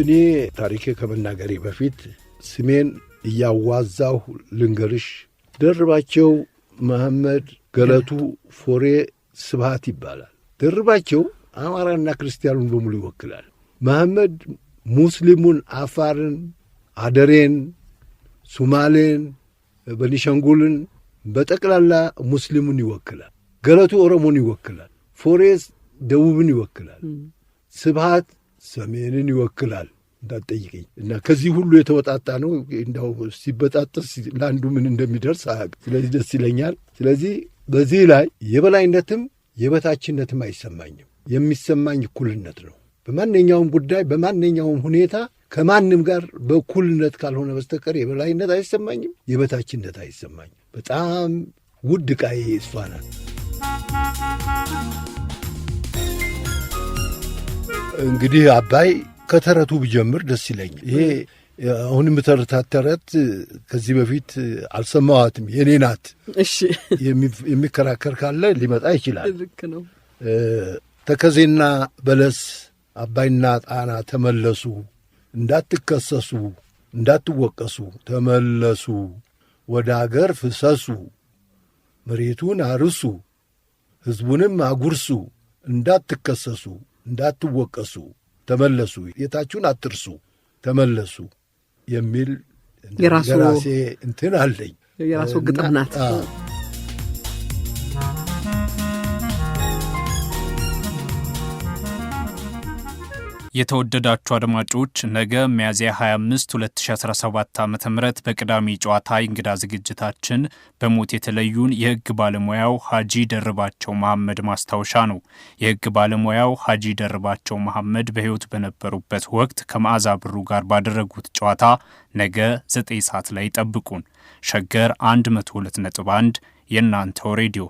እኔ ታሪኬ ከመናገሬ በፊት ስሜን እያዋዛሁ ልንገርሽ። ደርባቸው መሐመድ ገለቱ ፎሬ ስብሃት ይባላል። ደርባቸው አማራና ክርስቲያኑን በሙሉ ይወክላል። መሐመድ ሙስሊሙን፣ አፋርን፣ አደሬን፣ ሱማሌን፣ በኒሸንጉልን በጠቅላላ ሙስሊሙን ይወክላል። ገለቱ ኦሮሞን ይወክላል። ፎሬስ ደቡብን ይወክላል፣ ስብሃት ሰሜንን ይወክላል። እንዳትጠይቀኝ እና ከዚህ ሁሉ የተወጣጣ ነው። እንዳው ሲበጣጠስ ለአንዱ ምን እንደሚደርስ አያውቅም። ስለዚህ ደስ ይለኛል። ስለዚህ በዚህ ላይ የበላይነትም የበታችነትም አይሰማኝም። የሚሰማኝ እኩልነት ነው። በማንኛውም ጉዳይ በማንኛውም ሁኔታ ከማንም ጋር በእኩልነት ካልሆነ በስተቀር የበላይነት አይሰማኝም፣ የበታችነት አይሰማኝም። በጣም ውድ ዕቃዬ እሷ ናት። እንግዲህ አባይ ከተረቱ ብጀምር ደስ ይለኛል። ይሄ አሁን የምተርታት ተረት ከዚህ በፊት አልሰማዋትም። የኔ ናት የሚከራከር ካለ ሊመጣ ይችላል። ተከዜና በለስ አባይና ጣና ተመለሱ፣ እንዳትከሰሱ፣ እንዳትወቀሱ፣ ተመለሱ፣ ወደ አገር ፍሰሱ፣ መሬቱን አርሱ ሕዝቡንም አጉርሱ፣ እንዳትከሰሱ፣ እንዳትወቀሱ፣ ተመለሱ፣ የታችሁን አትርሱ፣ ተመለሱ የሚል የራሴ እንትን አለኝ። የራሱ ግጥም ናት። የተወደዳችሁ አድማጮች ነገ ሚያዝያ 25 2017 ዓ ም በቅዳሜ ጨዋታ እንግዳ ዝግጅታችን በሞት የተለዩን የሕግ ባለሙያው ሀጂ ደርባቸው መሐመድ ማስታወሻ ነው። የሕግ ባለሙያው ሀጂ ደርባቸው መሐመድ በሕይወት በነበሩበት ወቅት ከመዓዛ ብሩ ጋር ባደረጉት ጨዋታ ነገ 9 ሰዓት ላይ ጠብቁን። ሸገር 102.1 የእናንተው ሬዲዮ